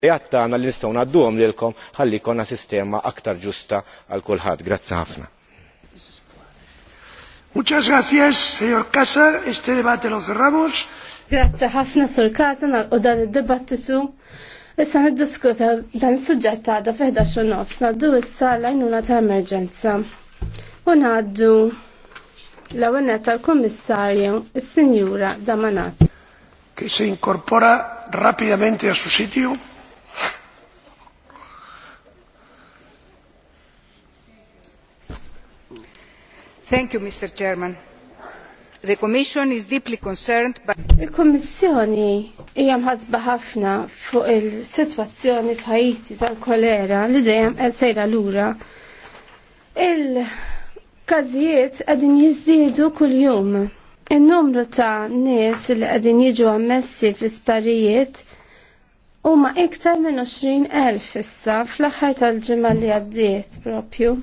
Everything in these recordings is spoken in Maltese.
idejat tagħna li nistgħu ngħadduhom lilkom ħalli jkollna sistema aktar ġusta għal kulħad. Grazie ħafna. Muchas gracias, señor Casa. Este debate lo cerramos. Grazie ħafna sur Casa u dan il id su. Issa diskuta dan il-sujġet għadha fi 11 nofs ngħaddu issa l-għajnuna ta' emerġenza. U ngħaddu l-ewwel tal-Kummissarju, il sinjura Damanat. Che si incorpora rapidamente a su sitio. Thank you, Mr. Chairman. The Commission is deeply concerned by... Il-Kommissjoni hija mħasba ħafna fuq il-sitwazzjoni f'Haiti tal-kolera li dejjem qed sejra lura. Il-każijiet qegħdin jiżdiedu kuljum. Il-numru ta' nies li qegħdin jiġu ammessi fl-istarijiet huma iktar minn 20,000 issa fl-aħħar tal-ġimgħa li għaddiet propju.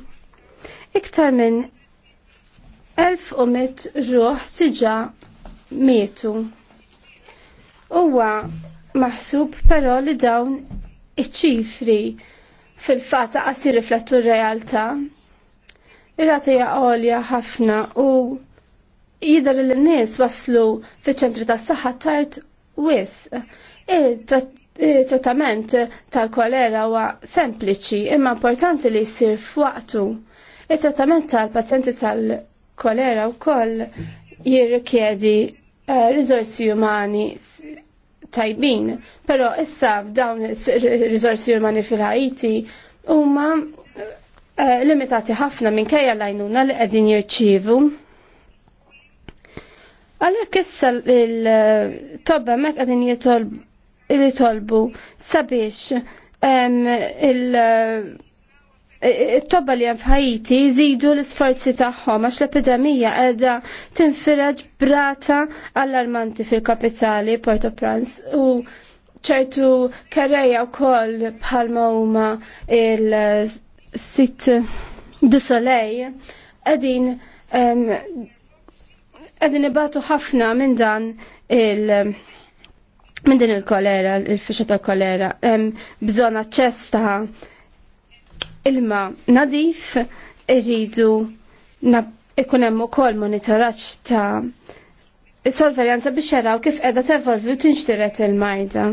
Iktar minn 1100 ruħ tiġa mietu. Huwa maħsub però li dawn iċ-ċifri fil-fata qas riflettu r-realtà. Irrati hija għolja ħafna u jidher li n-nies waslu fiċ-ċentri tas-saħħa tard wisq. Il-trattament tal-kolera huwa sempliċi imma importanti li jsir f'waqtu. Il-trattament tal-pazjenti tal kolera u koll jirrikjedi eh, rizorsi umani tajbin, pero issa f'dawn rizorsi umani fil-ħajti huma eh, limitati ħafna minn kajja lajnuna li qegħdin jirċievu. Għalhekk issa il-tobba mek qegħdin jitolbu sabiex il- it-tobba li hemm f'Ħajti jżidu l-isforzi tagħhom għax l-epidemija qiegħda tinfirad brata allarmanti fil-kapitali Port-au-Prince u ċertu karreja wkoll bħalma huma il-sit du Soleil qegħdin qegħdin ibatu ħafna minn dan il- minn din il-kolera, il-fisċa tal-kolera, bżon aċċess ilma nadif irridu ikun hemm ukoll monitoraġġ ta' is-sorveljanza biex jaraw kif qiegħda tevolvi u tinxtiret il-majda.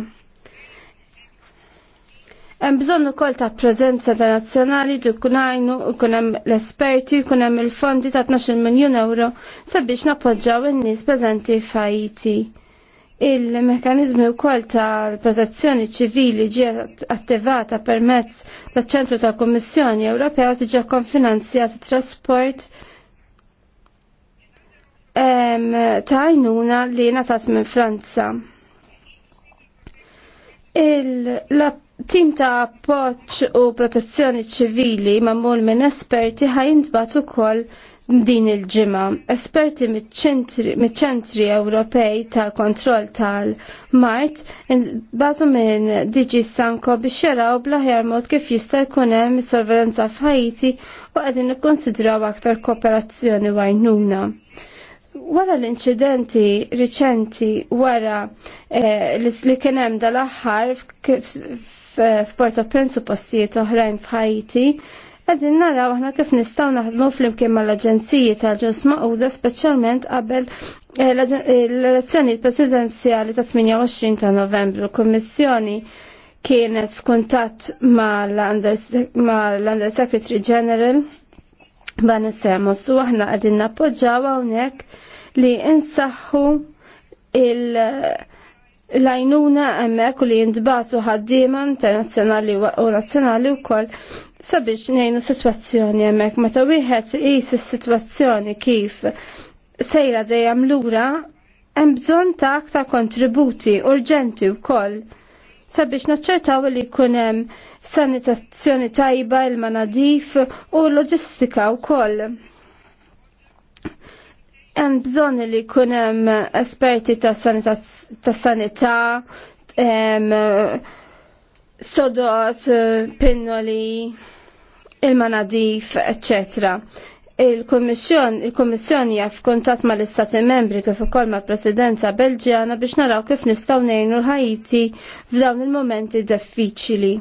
Hemm bżonn ukoll ta' preżenza ta' nazzjonali ġikun għajnu ikun hemm l-esperti, jkun hemm il-fondi ta' 12 miljun euro sabiex nappoġġaw in-nies preżenti f'Haiti. Il-mekanizmi wkoll tal-protezzjoni ċivili ġiet attivata permezz taċ ċentru tal kummissjoni Ewropea u tiġa konfinanzjat trasport ta' għajnuna li natat minn Franza. Il-tim ta' appoġġ u protezzjoni ċivili mamul minn esperti ħajintbat ukoll kol din il-ġimgħa. Esperti miċ-ċentri Ewropej tal-kontroll tal-Mart batu minn DG Sanko biex jaraw blaħjar mod kif jista' jkun hemm sorveljanza f'Ħajti u qegħdin ikkonsidraw aktar kooperazzjoni għajnuna. Wara l-inċidenti riċenti wara li kien hemm dal-aħħar f'Porto Prince u postijiet oħrajn f'Ħajti, Għadin nara aħna kif nistaw naħdmu fl-imkien mal-aġenziji tal-ġus maquda speċjalment qabel eh, eh, l-elezzjoni presidenzjali ta' 28 ta' novembru. Kommissjoni kienet f'kuntatt ma' l-Undersecretary General Bani Semos u aħna għadin nappoġġaw hawnhekk li insaħħu il- lajnuna emmek u li jindbatu ħaddima internazzjonali u nazzjonali u koll sabiex nejnu situazzjoni emmek. Meta wieħed is situazzjoni kif sejra dejjem lura hemm bżonn ta' aktar kontributi urġenti wkoll sabiex naċċertaw li jkun hemm sanitazzjoni tajba, il-manadif u loġistika wkoll. Hemm bżonn li jkun hemm esperti tas-sanità, sodot, pinnoli, il-manadif, eccetera il-Kommissjon, il-Kommissjon jaf kontat ma l-Istati membri kif ukoll ma presidenza Belġjana biex naraw kif nistgħu ngħinu l-Ħajti f'dawn il-momenti diffiċili.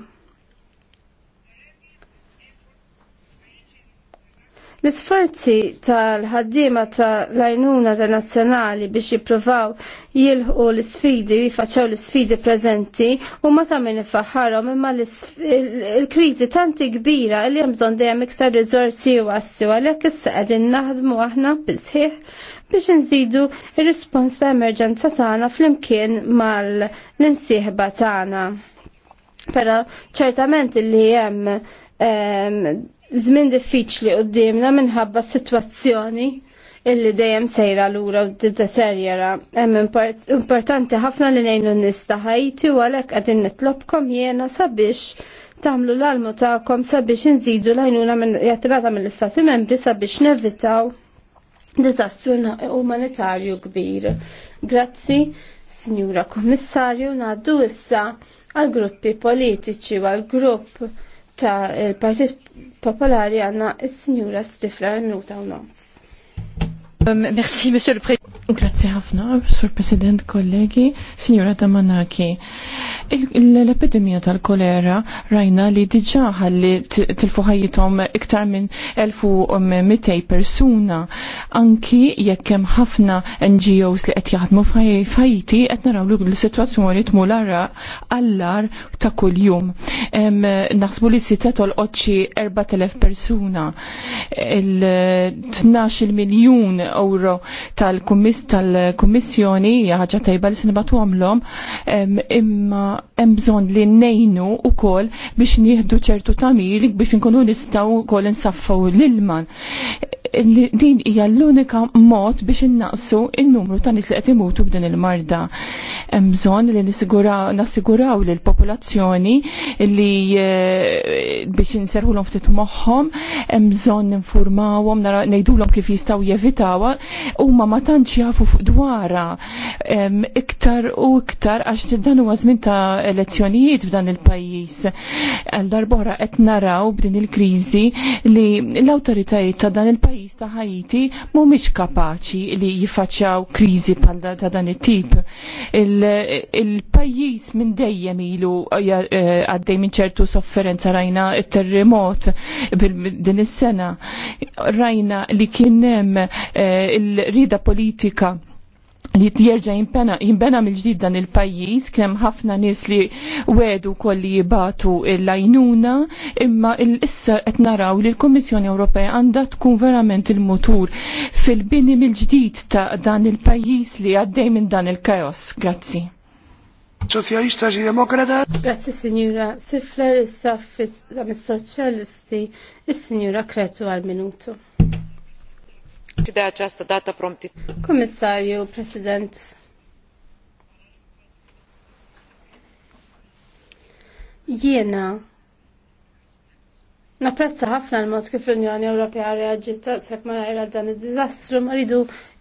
L-isforzi tal-ħaddiema tal lajnuna ta' nazzjonali biex jippruvaw jilħu l-sfidi, jifaċċaw l-sfidi preżenti u ma ta' minn ifaħħarhom imma l-kriżi tanti kbira li hemm bżonn dejjem iktar rizorsi u u għalhekk issa qegħdin naħdmu aħna bizħiħ biex nżidu il-respons ta' emerġenza tagħna flimkien mal-imsieħba tagħna. Pero ċertament li hemm ehm, żmien diffiċli qudiemna minħabba s-sitwazzjoni illi dejjem sejra lura u deterjera. Hemm importanti ħafna li ngħinu n-nies ta' Ħajti u għalhekk qegħdin nitlobkom jiena sabiex tagħmlu l-almu tagħkom sabiex inżidu l-għajnuna jattirata mill-Istati Membri sabiex nevitaw diżastru umanitarju kbir. Grazzi, Signora Kommissarju, ngħaddu issa għal gruppi politiċi u għal grupp ta' il-Partit eh, Popolari għanna il-Sinjura Stifler Nuta u Nofs. Euh, merci, Monsieur le Président. Grazie ħafna, Sur President, kollegi, Signora Damanaki. L-epidemija tal-kolera rajna li diġa ħalli tilfuħajitom iktar minn 1200 persuna. Anki jekk hemm ħafna NGOs li qed jaħdmu fajti qed naraw li l-sitwazzjoni tmur allar ta' kuljum. Naħsbu li si tolqot xi 4000 persuna. Il-12 miljun euro tal-Kummissjoni hija ħaġa tajba li se nibatu għamlhom imma hemm bżonn li nejnu wkoll biex nieħdu ċertu tamir biex inkunu nistgħu wkoll insaffaw l-ilman din hija l-unika mod biex innaqsu il-numru ta' nis li qed imutu b'din il-marda. Hemm bżonn li nassiguraw lill popolazzjoni li eh, biex inserħulhom ftit moħħhom, hemm bżonn infurmawhom, ngħidulhom kif jistgħu jevitawha, huma ma tantx jafu fuq dwara iktar u iktar għax dan huwa żmien ta' elezzjonijiet f'dan il-pajjiż. Għal darbora qed naraw b'din il-kriżi li l-awtoritajiet ta' dan il-pajjiż pajjiż ta' Ħajiti mhumiex kapaċi li jiffaċċjaw kriżi bħal ta' dan it-tip. Il-pajjiż il minn dejjem ilu eh, għaddej minn ċertu sofferenza rajna t terremot din is-sena. Rajna li kien hemm eh, il-rida politika li jerġa' jimbena mill-ġdid dan il-pajjiż kemm ħafna nies li wedu kolli jibatu l-għajnuna imma issa qed naraw li l-Kummissjoni Ewropea għandha tkun verament il-mutur fil-bini mill-ġdid ta' dan il-pajjiż li għaddej minn dan il-kajos. Grazzi. Socialista ġi e demokrata. Grazzi signora Sifler issa fis soċjalisti is-signora Kretu al minuto De această data promptit. Comisariu, President. Jiena Napprezza ħafna l-mod kif l-Unjoni Ewropea reaġiet taqseb għal dan id-diżastru ma rridu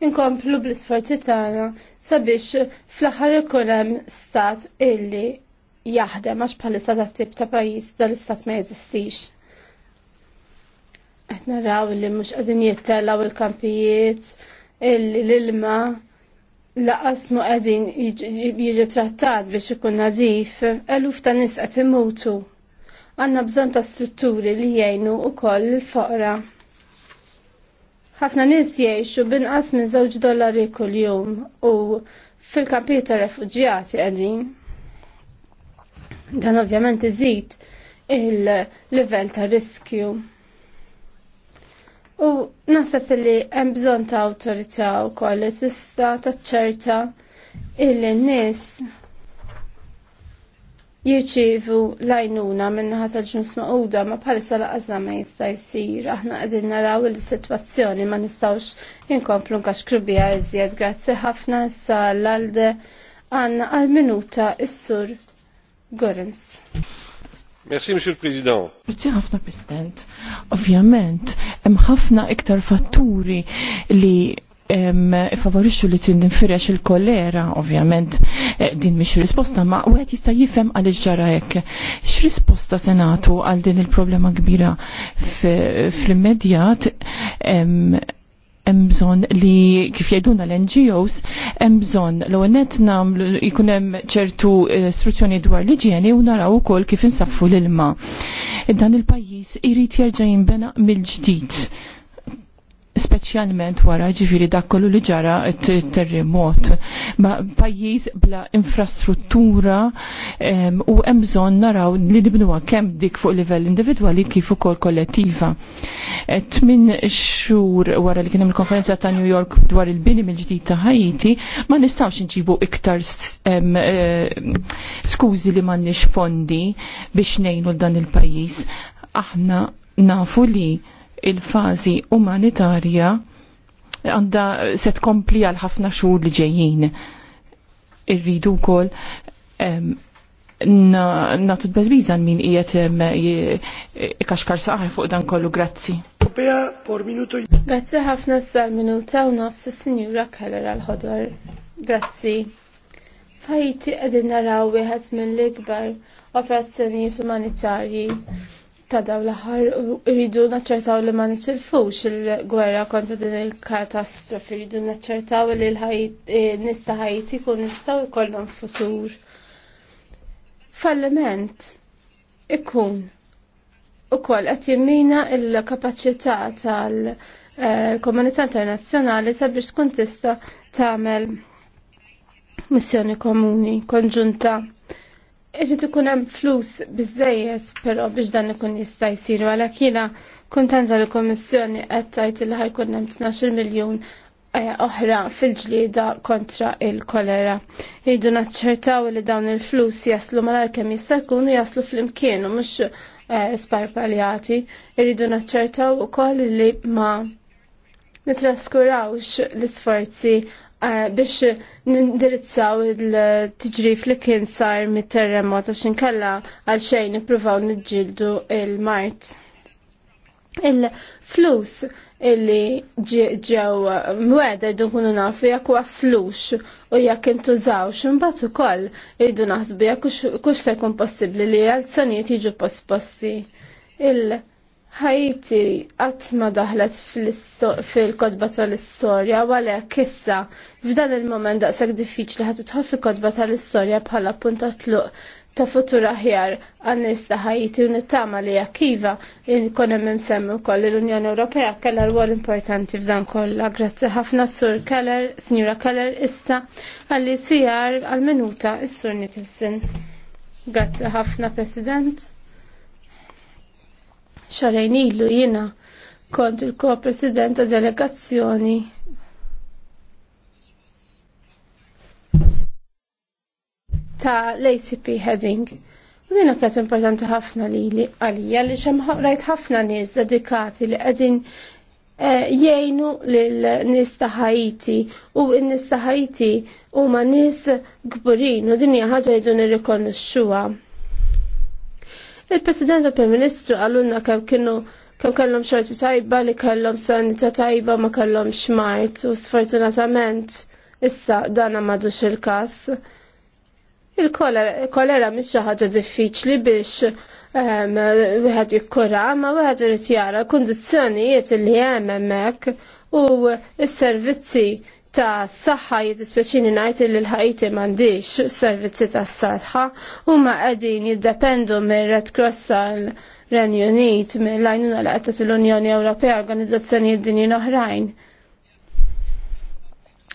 nkomplu bl-isforzi tagħna sabiex fl-aħħar ikun hemm stat illi jaħdem għax bħalissa tat-tip ta' pajjiż dal-istat ma jeżistix. Qed naraw li mhux qegħdin jittellaw il-kampijiet, l-ilma laqas mu qegħdin jiġi trattat biex ikun nadif, eluf ta' nies qed imutu. Għandna bżonn ta' strutturi li jgħinu wkoll il-foqra. Ħafna nies jgħixu binqas minn żewġ dollari kuljum u fil-kampijiet ta' refuġjati qegħdin. Dan ovvjament iżid il-livell ta' riskju. U naħseb li hemm bżonn ta' awtorità wkoll li tista' taċċerta illi n-nies jirċivu lajnuna minnaħa tal-ġnus maquda ma bħalissa għazna ma jista' jsir. Aħna qegħdin naraw il-sitwazzjoni ma nistgħux inkomplu nkax krubija iżjed. Grazzi ħafna sa l-alde għandna għal-minuta is-sur Gorens. Merci, Monsieur le Président. Grazie ħafna, President. Ovvjament, hemm ħafna iktar fatturi li favorixxu li tindinfirex il-kolera, ovvjament, eh, din mhix risposta, ma wieħed jista' jifhem għaliex ġara hekk. X'risposta se nagħtu għal din il-problema kbira fl-immedjat hemm bżonn li kif jgħiduna l-NGOs hemm bżonn l net nagħmlu jkun hemm ċertu eh, istruzzjoni dwar l ġieni u naraw ukoll kif insaffu l-ilma. Dan il-pajjiż irrit jerġa' jinbena mill-ġdid speċjalment wara ġifiri dak kollu li ġara terremot. Ma pajjiż bla infrastruttura u hemm bżonn naraw li nibnuha kemm dik fuq livell individwali kif ukoll kollettiva. Tmin xhur wara li kien hemm il-konferenza ta' New York dwar il-bini mill-ġdid ta' Haiti, ma nistgħux inġibu iktar skużi li m'għandniex fondi biex ngħinu dan il-pajjiż. Aħna nafu li il-fazi umanitarja għanda se tkompli għal ħafna xhur li ġejjin. Irridu wkoll natu d-bezbiza min ijet kaxkar saħi fuq dan kollu, grazzi. Grazzi ħafna sa' minuta u nafs il-Sinjura Keller għal-ħodor. Grazzi. Fajti għedin naraw wieħed mill-ikbar operazzjonijiet umanitarji ta' daw l-aħħar irridu naċċertaw li ma niċċelfux il-gwerra kontra din il-katastrofi, irridu naċċertaw li l-ħaj eh, nista' ħajti kun nistgħu jkollhom futur. Falliment ikun ukoll qed jimmina l-kapaċità tal-komunità eh, internazzjonali sabiex tkun tista' tagħmel missjoni komuni konġunta. Irrit ikun hemm flus biżejjed però biex dan ikun jista' jsiru għalhekk jiena kuntenta li l-Kummissjoni qed tgħid li ħajkun hemm 12 miljun eh, oħra fil-ġlieda kontra il-kolera. Irridu naċċertaw li dawn il-flus jaslu malar kemm jista' jkunu jaslu fl-imkien u mhux eh, sparpaljati. Irridu naċċertaw ukoll li ma nitraskurawx l-isforzi Eh, biex nindirizzaw il tiġrif li kien sar mit-terremot għax nkella għal nippruvaw niġġieldu il-Mart. Il-flus illi ġew mweda jdu nkunu nafu jekk waslux u jekk intużawx imbagħad ukoll jridu naħsbu jekk kux se jkun possibbli li l-azzjonijiet jiġu posposti. Il- ħajti ma daħlet fil-kodba tal-istoria, għalhekk issa f'dan il-moment daqshekk diffiċli ħat tħol fil-kodba tal-istoria bħala punta tluq ta' futur aħjar għannis ta' ħajti u nittama li jakiva il-konem imsemmi wkoll koll l-Unjoni Ewropea keller rwol importanti f'dan kollha. Grazzi ħafna sur Keller, Signora Keller, issa għalli sijar għal-minuta is-sur Nicholson. Grazzi ħafna, President xarajn ilu jina kont il-ko-president ta' delegazzjoni ta' l-ACP Heading. U dina kienet importanti ħafna li li għalija li xem rajt ħafna nies dedikati li qegħdin eh, jgħinu lil-nies ta' Ħajti u n-nies ta' Ħajti huma nies kburin u din hija ħaġa jridu nirrikonoxxuha. Il-President u Prim-Ministru għallunna kemm kienu kem kellhom xorti tajba li kellhom sanita tajba ma kellom xmart u sfortunatament issa dana madux il-każ. Il-kolera mhix xi ħaġa diffiċli biex ehm, wieħed jikkura, ma wieħed irid jara l kundizzjonijiet li hemm hemmhekk u s-servizzi ta' s-saxħa jiddispjaċini najt li l-ħajti mandiċ servizzi ta' s-saxħa u ma' għedin jiddependu minn Red Cross tal-Ren Unit minn lajnuna l qattat l-Unjoni Ewropea organizzazzjoni id-dini oħrajn.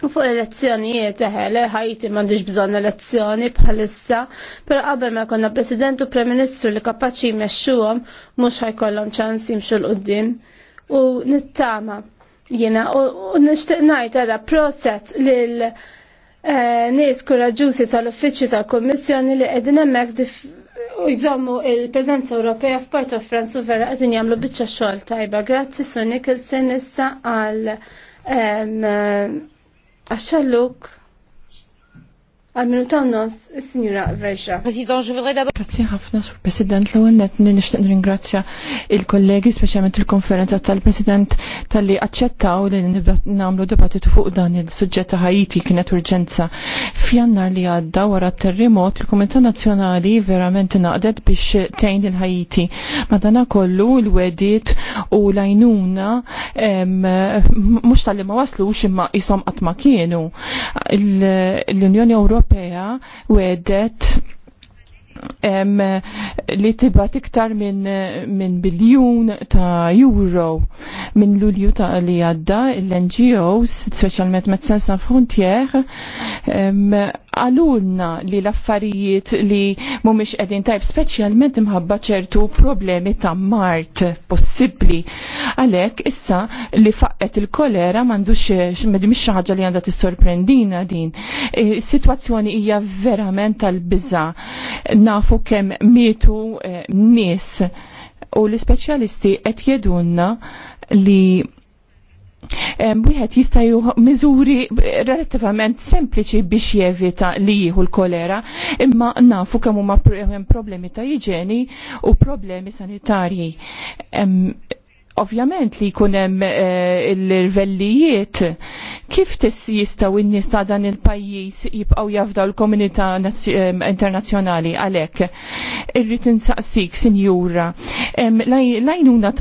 U fuq elezzjonijiet eħele, ħajti mandiġ bżon elezzjoni bħalissa, pero qabel ma konna president u prem-ministru li kapaċi jmexxuhom mhux ħajkollhom ċans jimxu l-qudiem u nittama' Jena, u nishtiq najt għara proset lil eh, nis kuraġusi tal-uffiċċju tal-Kommissjoni li qegħdin hemmhekk u jżommu il prezenza Ewropea f'Port of France u vera qegħdin jagħmlu biċċa xogħol tajba. Grazzi su Nikilsen issa għal għaxxalluk. Għal-minu ta' nos, il-Sinjura Verxa. President, je voudrais d'abord. ħafna, Sur President, l għennet nishtiq ringrazzja il-kollegi, speċjalment il-konferenza tal-President tal-li accettaw li namlu dibattitu fuq dan il-sujġet ta' Haiti kienet urġenza. Fjannar li għadda wara terremot, il-Komitat Nazjonali verament naqdet biex tejn il-Haiti. Madana kollu il-wedit u lajnuna mux tal-li ma waslux imma jisom għatma kienu. L-Unjoni Ewropea Ewropea wedet em, li tibat iktar minn min biljun ta' euro minn l-ulju ta' li għadda l-NGOs, specialment Medicine Sans Frontières, għalulna li l-affarijiet li mumiex edin tajb specialment imħabba ċertu problemi ta' mart possibli. Għalek, issa li faqqet il-kolera xiex medimx ħaġa li għanda t-sorprendina din. E, Situazzjoni hija verament tal-bizza. Nafu kem mietu e, nis u l specialisti qed jedunna li wieħed jista' mizuri relativament relattivament sempliċi biex jevita li jieħu l-kolera, imma nafu kemm huma problemi ta' iġeni u problemi sanitarji. Ovvjament li kunem eh, il-livellijiet, kif tis jistaw in-nies ta' dan il-pajjiż jibqgħu jafdaw l-komunità eh, internazzjonali għalhekk. Irrid insaqsik, sinjura, l-għajnuna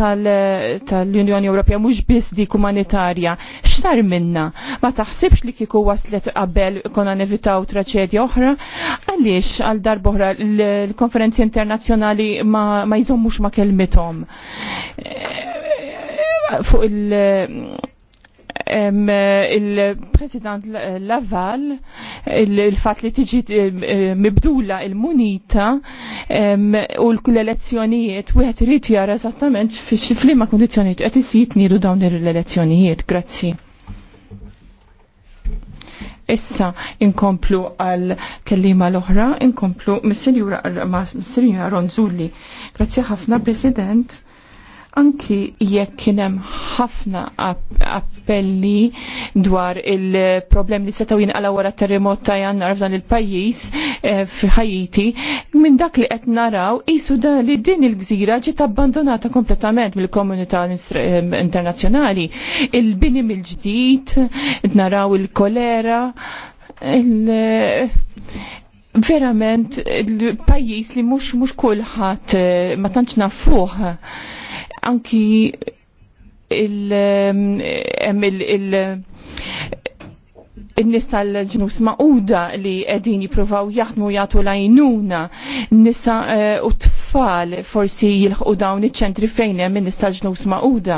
tal-Unjoni Ewropea mhux biss dik umanitarja, x'sar minna? Ma taħsibx li kieku waslet qabel konna nevitaw traċedja oħra? Għaliex għal darbohra l-konferenzi internazzjonali ma jżommux ma kelmithom? fuq il- il-President Laval il-fat li tiġi mibdula il-munita u l-elezzjonijiet u għet rrit jara eżattament fil-flima kondizjoniet għet jisijiet nidu dawn il elezzjonijiet Grazzi. Issa inkomplu għal kellima l-oħra, inkomplu mis-Sinjura Ronzulli. Grazzi ħafna, President Anki jekk kienem ħafna appelli dwar il-problem li setaw jinqala wara terremot ta' jannar f'dan il-pajjiż eh, fi Ħajiti, minn dak li qed naraw isu da li din il-gżira ġiet abbandonata kompletament mill-komunità eh, internazzjonali. Il-bini mill-ġdid, naraw il-kolera, il verament il-pajjiż li mhux mhux kulħadd eh, ma tantx nafuh anki il- il-nis tal-ġnus maquda li edin jipruvaw jaħdmu jgħatu lajnuna nisa e, u tfal forsi jilħu dawn iċ-ċentri fejn hemm in-nis tal-ġnus maquda.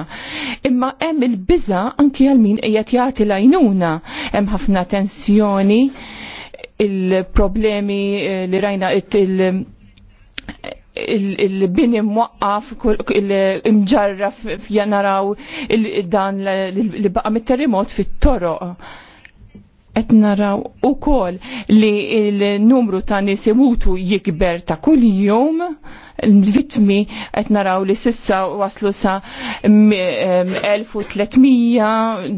Imma hemm il-biża anki għal min qiegħed jagħti lajnuna hemm ħafna tensjoni il-problemi e, li rajna il- il-bini mwaqqaf, imġarra f'janaraw dan li baqa mit-terremot fit-toroq. Et naraw u kol li il-numru ta' nisimutu jikber ta' kull jum, l-vitmi et naraw li sissa waslu sa' 1300,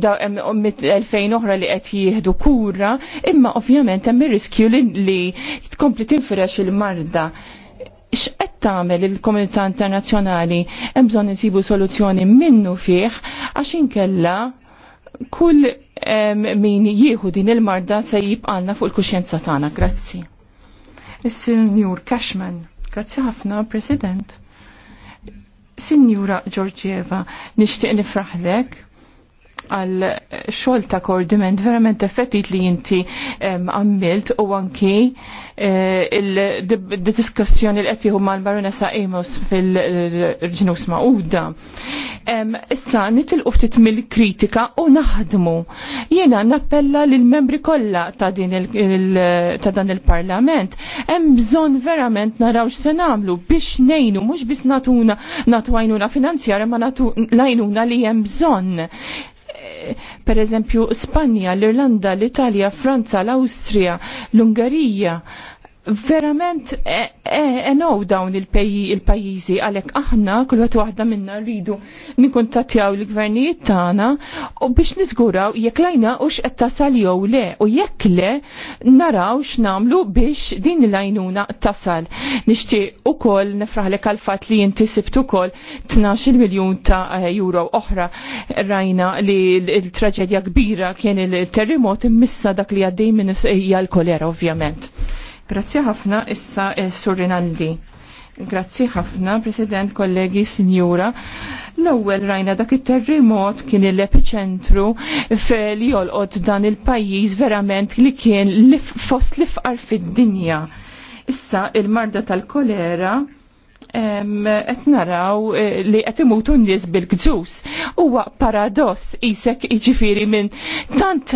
2000 oħra li qed jieħdu kura, imma ovvjament hemm ir-riskju li tkompli tinfirex il-marda x'qed tagħmel il-komunità internazzjonali hemm bżonn insibu soluzzjoni minnu fih għax inkella kull min jieħu din il-marda se jibqalna fuq il-kuxjenza tagħna. Grazzi. Is-Sinjur Cashman. Grazzi ħafna, President. Sinjura Georgieva, nixtieq nifraħlek għal xol ta' koordiment verament effettit li jinti għammilt u anki eh, il-diskussjoni l-qed mal baronessa Amos fil-ġnus ma'uda. Issa nitilqu ftit mill-kritika u naħdmu. Jiena nappella l membri kollha ta' dan il-Parlament hemm bżonn verament narawx se nagħmlu biex ngħinu mhux biss natuna għajnuna finanzjara, ma lajnuna li hemm bżonn per eżempju Spanja, l-Irlanda, l-Italja, Franza, l-Awstrija, l-Ungarija, verament e, e, enow dawn il-pajjiżi għalhekk aħna għat waħda minna rridu nikkuntattjaw il-gvernijiet tagħna u biex niżguraw jekk lajna ux x'qed tasal jew le u jekk le naraw namlu biex din lajnuna għajnuna tasal. Nixtieq ukoll nefraħlek għal fatt li inti sibt kol 12 miljun ta' euro oħra rajna li l-traġedja kbira kien il-terremot immissa dak li għaddej minn jgħal l-kolera ovvjament. Grazzi ħafna issa eh, Sur Rinaldi. Grazzi ħafna, President, kollegi, Sinjura. L-ewwel rajna dak it-terremot kien l-epiċentru li jolqod dan il-pajjiż verament li kien fost l-ifqar fid-dinja. Issa il-marda tal-kolera qed naraw eh, li qed imutu n-nies bil gżus Huwa paradoss isek jiġifieri minn tant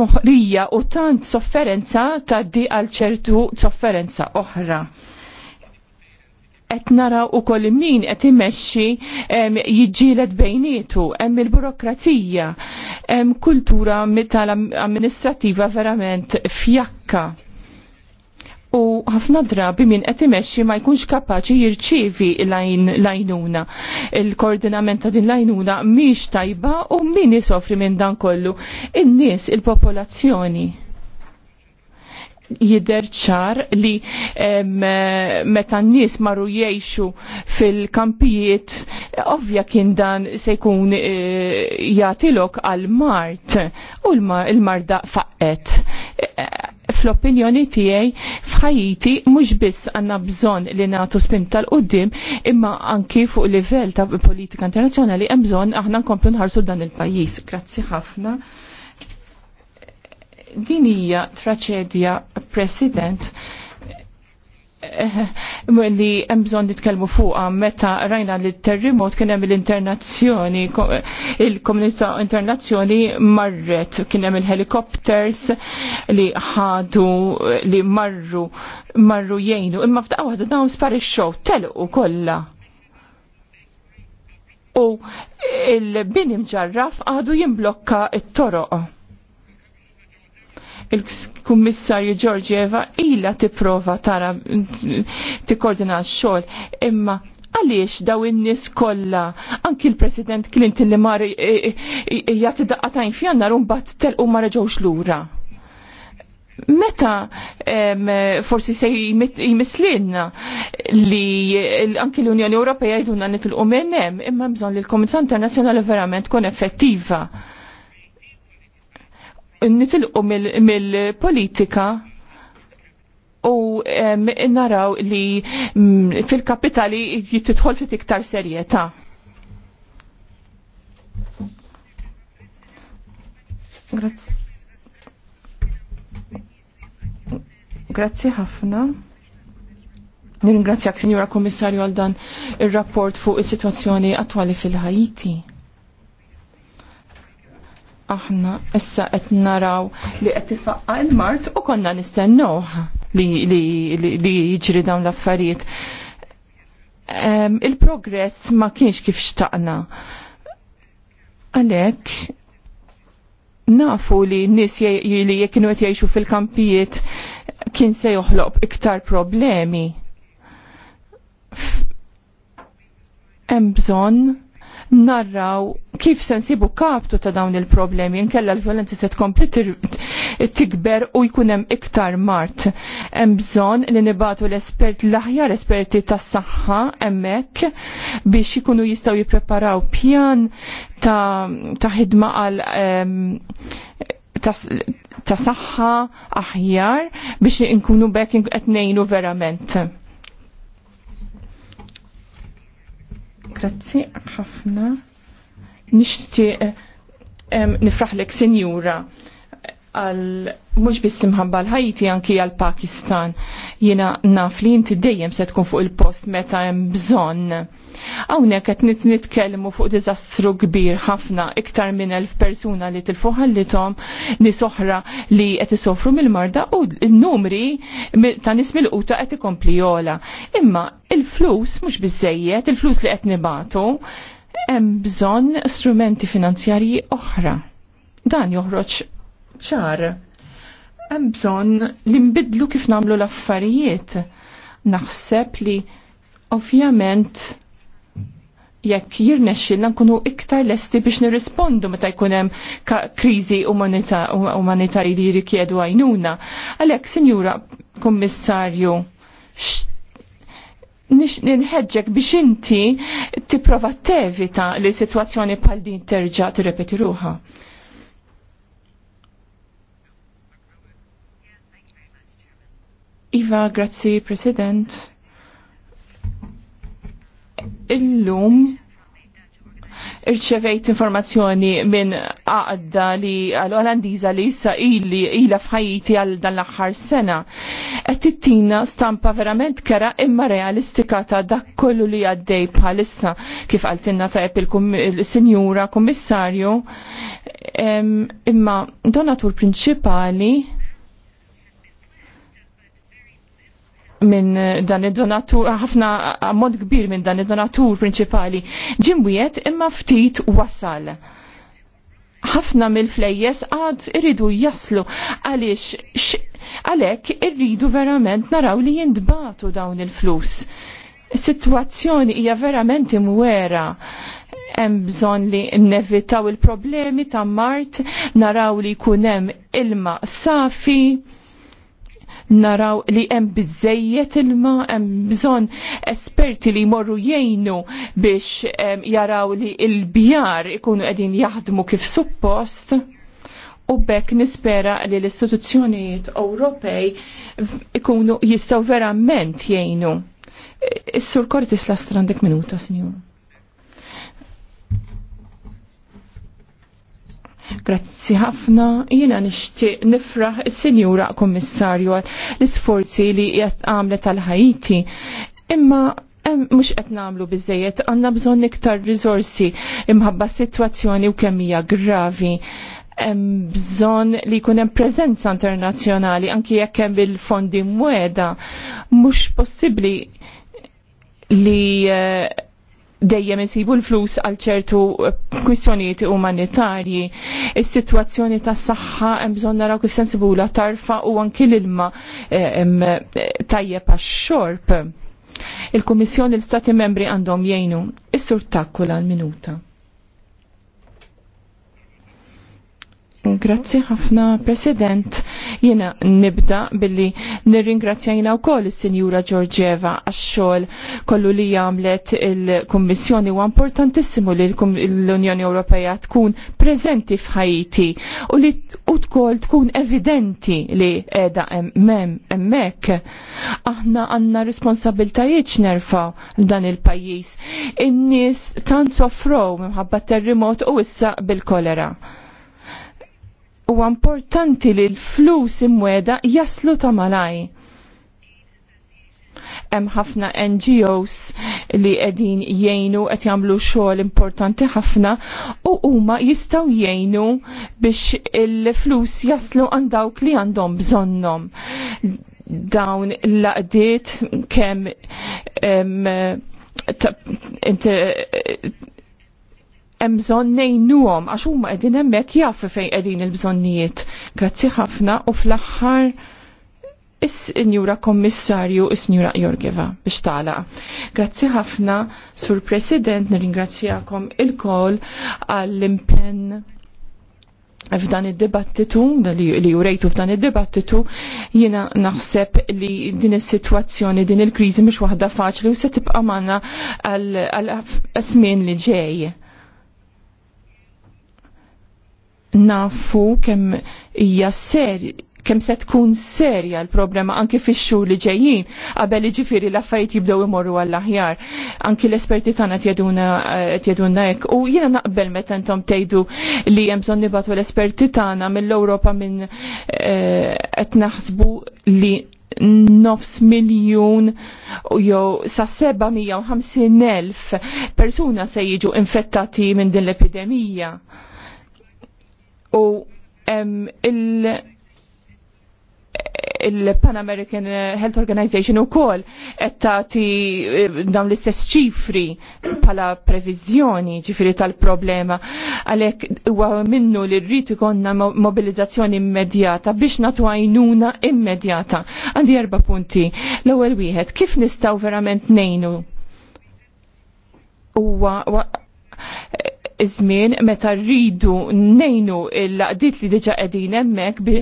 moħrija u tant sofferenza taddi għal ċertu sofferenza oħra qed naraw ukoll min qed imexxi bejnietu hemm il-burokrazija, hemm kultura tal-amministrativa verament fjakka u ħafna drabi min qed imexxi ma jkunx kapaċi jirċievi l-għajnuna. Il-koordinament ta' din l-għajnuna mhix tajba u min jisofri minn dan kollu. In-nies, il-popolazzjoni jidher ċar li meta n-nies marru jiexu fil-kampijiet ovvja kien dan se jkun eh, jagħtilok għal mart u l-marda faqqet fl-opinjoni tiegħi f'Ħajiti mhux biss għandna bżonn li nagħtu spin tal-qudiem imma anki fuq livell ta' politika internazzjonali hemm bżonn aħna nkomplu nħarsu dan il-pajjiż. Grazzi ħafna. Din hija traċedja President li hemm bżonn nitkellmu fuqha meta rajna li t-terremot kien hemm l-internazzjoni il-komunità internazzjoni marret kien hemm il-helikopters li ħadu li marru marru jgħinu imma f'daqqa waħda dawn sparixxew telqu kollha u il-bini mġarraf għadu jimblokka it-toroq il-Kummissarju Giorgieva ila tipprova tara tikkoordina x-xogħol imma għaliex daw in-nies kollha anki l-President Clinton li mar eh, eh, eh, jagħti daqqatajn f'jannar u mbagħad telqu ma reġgħux lura. Meta forsi se jmislinna li anki l-Unjoni Ewropea jgħidulna nitilqu minn hemm imma bżonn li l-Komunità Internazzjonali verament tkun effettiva nitilqu mill-politika u naraw li mm, fil-kapitali jittidħol fit iktar serjeta. Grazie. ħafna. Nirringrazzjak, Signora Komissarju, għal dan il-rapport fuq il-situazzjoni attwali fil-Ħajti aħna issa qed naraw li qed tifaqqa l-mart u konna nistennuh li, li, jiġri dawn l-affarijiet. Um, Il-progress ma kienx kif xtaqna. Għalhekk nafu li n-nies li jekinu għet qed jgħixu fil-kampijiet kien se joħloq iktar problemi. Hemm bżonn narraw kif se nsibu kaptu ta' dawn il-problemi, nkella l-violenza se tkompli tikber u jkun hemm iktar mart. Hemm bżonn li nibatu l-espert l-aħjar esperti tas-saħħa hemmhekk biex ikunu jistgħu jippreparaw pjan ta' ħidma għal ta' saħħa aħjar biex inkunu bekk qed ngħinu verament. Grazzi ħafna. Nishti, eh, nifraħlek, senjura għal mhux biss imħabba l-Ħajti anki għal Pakistan. Jina naf li inti dejjem se tkun fuq il-post meta hemm bżonn. Hawnhekk qed nitkellmu fuq diżastru kbir ħafna iktar minn elf persuna li tilfu ħallithom nies oħra li qed isofru mill-marda u n-numri ta' nies mill-quta qed ikompli jola. Imma il-flus mhux biżejjed, il-flus li qed nibatu hemm bżonn strumenti finanzjarji oħra. Dan joħroġ ċar. Hemm bżonn li nbidlu kif nagħmlu l-affarijiet. Naħseb li ovvjament jekk jirnexxilna nkunu iktar lesti biex nirrispondu meta jkun hemm kriżi umanitarji li jrikjedu għajnuna. Għalhekk, Sinjura Kummissarju, nħedġek biex inti tipprova tevita li sitwazzjoni bħal din terġa' tirrepeti ruha. Iva, grazzi, President. Illum irċevejt informazzjoni minn għadda li għal-Olandiza li issa illi illa fħajti għal dan l-axħar sena. Et tittina stampa verament kera imma realistika ta' dak kollu li għaddej bħalissa kif għaltinna ta' il-Sinjura Kommissarju. Imma donatur prinċipali minn eh, dan id-donatur, eh, ħafna eh, mod kbir minn dan id-donatur prinċipali ġimwiet imma ftit wasal. ħafna mill-flejjes għad irridu jaslu għaliex għalek irridu verament naraw li jindbatu dawn il-flus. Situazzjoni hija verament imwera hemm bżonn li nevitaw il-problemi ta' mart, naraw li jkun hemm ilma safi naraw li hemm biżejjed ilma hemm bżonn esperti li jmorru jgħinu biex jaraw li l-bjar ikunu qegħdin jaħdmu kif suppost u bekk nispera li l-istituzzjonijiet Ewropej ikunu jistgħu verament jgħinu. Is-sur Kortis la strandek minuta, Sinjur. Grazzi ħafna, jina nishtiq nifraħ il-Sinjura Kommissarju l-sforzi li jgħat għamlet tal-ħajti. Imma mux qed namlu bizzejiet, għanna bżon iktar rizorsi imħabba situazzjoni u kemija gravi hemm bżonn li jkun hemm preżenza internazzjonali anki jekk hemm il-fondi mweda mhux possibbli li eh, dejjem isibu l-flus għal ċertu eh, kwistjonijiet umanitarji. Is-sitwazzjoni tas saħħa hemm bżonn naraw kif sensibula tarfa u anki l-ilma eh, eh, tajjeb għax-xorb. Il-Kummissjoni l stati membri għandhom jgħinu. Is-sur takkula l-minuta. Grazzi ħafna, President. Jena nibda billi nirringrazzja jina u koll il-Sinjura Giorgieva għax-xogħol kollu li għamlet il-Kommissjoni u importantissimu li l-Unjoni Ewropea tkun prezenti f'Ħajti u li u tkoll tkun evidenti li edha emmek. Aħna għanna responsabiltajiet nerfa' dan il-pajjiż. In-nies tant soffrow minħabba terremot u issa bil-kolera huwa importanti li l-flus imweda jaslu ta' malaj. Hemm ħafna NGOs li qegħdin jgħinu qed jagħmlu xogħol importanti ħafna u huma jistgħu jgħinu biex il-flus jaslu għand dawk li għandhom bżonnhom. Dawn l-laqdiet kemm hemm bżonn ngħinuhom għax huma qegħdin hemmhekk jafu fejn qegħdin il-bżonnijiet. Grazzi ħafna u fl-aħħar Is-Sinjura Kommissarju is njura Jorgeva biex tala. Grazzi ħafna, Sur President, nirringrazzjakom il-kol għall-impenn f'dan id-dibattitu, li jurejtu f'dan id-dibattitu, jina naħseb li din is-sitwazzjoni, din il-kriżi mhux waħda faċli u se tibqa' manna għal-żmien li ġej nafu kemm hija ser kemm se tkun serja l-problema anki fix-xhur li ġejjin qabel li jiġifieri l-affarijiet jibdew imorru għall-aħjar. Anki l-esperti tana eh, qed jgħidulna hekk u jiena naqbel meta intom tgħidu li hemm bżonn nibatu l-esperti tana mill-Ewropa minn eh, qed naħsbu li nofs miljun jew sa 750 elf persuna se jiġu infettati minn din l-epidemija u il- il-Pan American Health Organization u kol ti eh, dawn l-istess ċifri pala previżjoni ċifri tal-problema għalek huwa minnu li rriti konna mobilizzazzjoni immedjata biex natu għajnuna immedjata. Għandi erba punti. L-ewwel wieħed, kif nistaw verament nejnu? Huwa iż-żmien meta rridu nejnu il-laqdiet li diġa qegħdin hemmhekk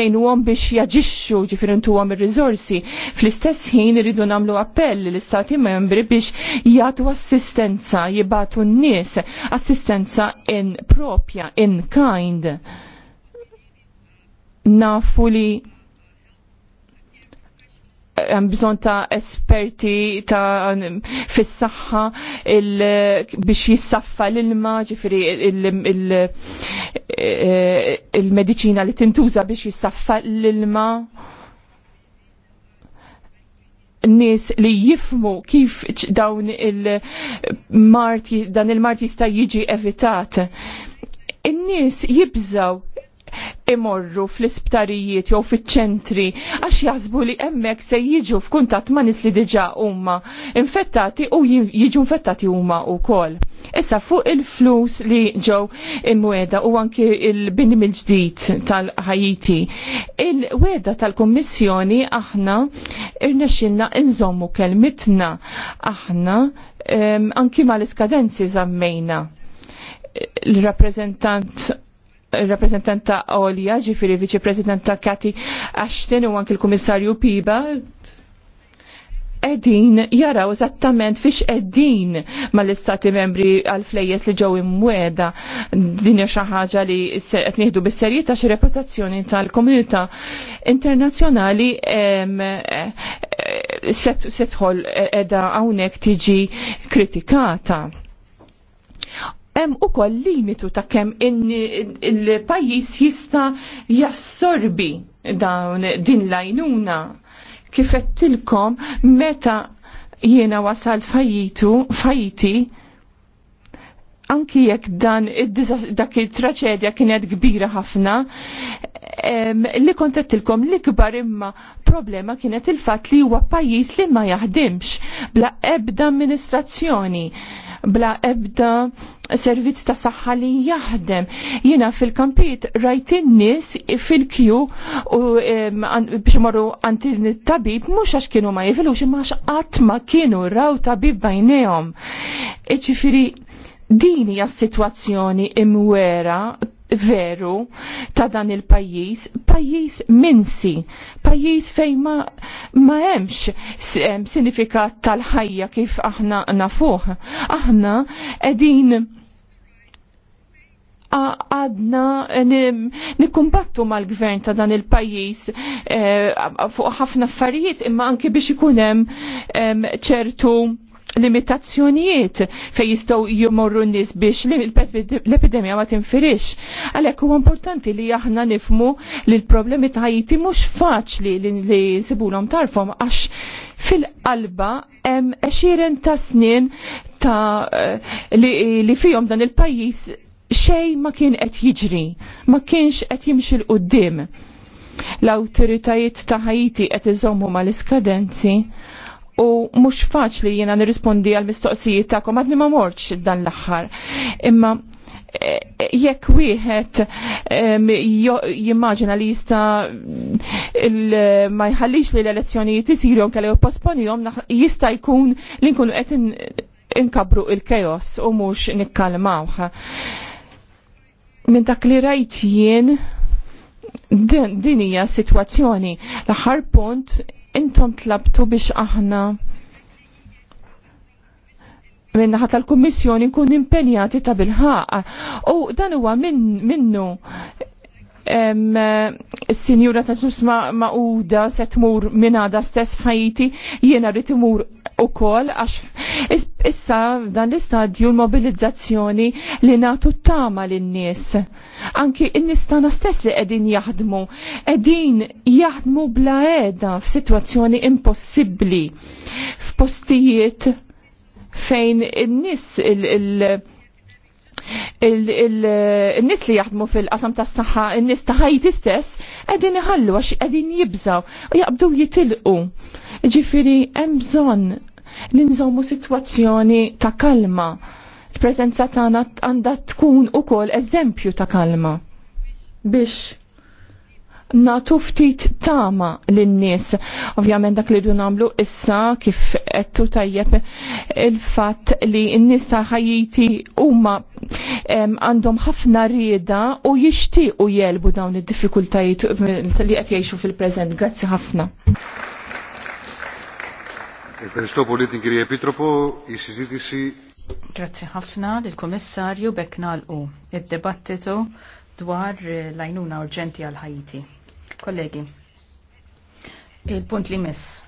nejnu għom biex jaġixxu ġifirintu għom il-rizorsi. Fl-istess ħin rridu namlu appell l-istati membri biex jgħatu assistenza, jibatu n-nies, assistenza in propja, in kind. Nafu li hemm bżonn ta' esperti ta' fis-saħħa biex jissaffa l-ilma, ġifieri il-mediċina li tintuża biex jissaffa l-ilma. Nies li jifmu kif dawn il-mart dan il-mart jista' jiġi evitat. In-nies jibżaw imorru fl-isptarijiet jew fiċ-ċentri għax jaħsbu li hemmhekk se jiġu f'kuntatt ma' nies li diġà huma infettati u jiġu infettati huma wkoll. Issa fuq il-flus li ġew imweda u anki il-bini mill-ġdid tal-Ħajiti. Il-weda tal-Kommissjoni aħna irnexxinna inżommu kelmitna aħna anki mal-iskadenzi zammejna l-rappresentant il-rappresentant Olja, ġifiri viċi Presidenta Kati Ashton u anki l-Kummissarju Piba, edin jaraw eżattament fiex edin mal-istati membri għal-flejjes li ġew imweda din xi ħaġa li qed nieħdu bis-serjetà xi reputazzjoni tal-komunità internazzjonali setħol e-, edha hawnhekk tiġi kritikata hemm ukoll limitu ta' kemm il-pajjiż jista' jassorbi dawn din l-għajnuna. Kif tilkom meta jiena wasal fajitu, fajiti, anki jekk dan dak il-traċedja kienet kbira ħafna, li kontettilkom li kbar imma problema kienet il-fat li huwa pajjiż li ma jaħdimx bla ebda amministrazzjoni bla ebda servizz ta' saħħa li jaħdem. Jiena fil-kampit rajt in-nies fil-kju u biex marru għanti tabib mhux għax kienu ma jifilux imma għax qatt ma kienu raw tabib bajnejhom. Iġifieri din hija situazzjoni imwera veru ta' dan il-pajjiż, pajjiż minsi, pajjiż fejn ma, ma emx sinifikat tal-ħajja kif aħna nafuh. Aħna qegħdin għadna nikumbattu mal-gvern ta' dan il-pajis eh, fuq ħafna affarijiet imma anki biex ikunem ċertu limitazzjonijiet fej jistgħu jumorru n biex l epidemija ma tinfirix. Għalhekk huwa importanti li aħna nifmu li l-problemi ta' Ħajti mhux faċli li nsibulhom tarfhom għax fil-qalba hemm eċiren ta' snin ta' eh, li, li fihom dan il-pajjiż xej ma kien qed jiġri, ma kienx qed jimxil l qudiem L-awtoritajiet ta' Ħajti qed iżommu mal-iskadenzi u mhux faċli jiena nirrispondi għal mistoqsijiet tagħkom għadni ma mortx dan l-aħħar. Imma e, e, jekk wieħed e, jimmaġina li jista ma jħallix li l-elezzjonijiet isiru anke li jipposponihom jista' jkun li nkunu qed inkabru il-kejos u mhux nikkalmawh. Minn dak li rajt jien din hija sitwazzjoni l-aħħar punt intom tlabtu biex aħna minnaħat tal-Kommissjoni nkun impenjati ta' bilħaq. U dan huwa min, minnu s-sinjura ta' ġusma uda se tmur minna da' stess fajti jiena rrit imur u kol għax issa dan l-istadju l-mobilizzazzjoni li natu tama l-nies. Anki n nistana stess li edin jaħdmu, edin jaħdmu bla edha f-situazzjoni impossibli, f-postijiet fejn n-nies il-, il, il il-nis li jaħdmu fil-qasam tas saħħa il-nis ta' ħajti stess, għedin iħallu għax għedin jibżaw, u jaqbdu jitilqu. Ġifiri, emżon li nżommu situazzjoni ta' kalma. Il-prezenza tagħna għandha tkun ukoll eżempju ta' kalma biex natu ftit tama l-nies. Ovvjament dak li du namlu issa kif għettu tajjeb il-fat li n-nies ta' ħajiti huma għandhom ħafna rieda u jixtiequ jelbu dawn id-diffikultajiet li qed jgħixu fil-preżent. Grazzi ħafna. Grazzi ħafna lill-Kummissarju Beknal u id-debattitu dwar l ajnuna urġenti għal Ħajti. Kollegi, il-punt li miss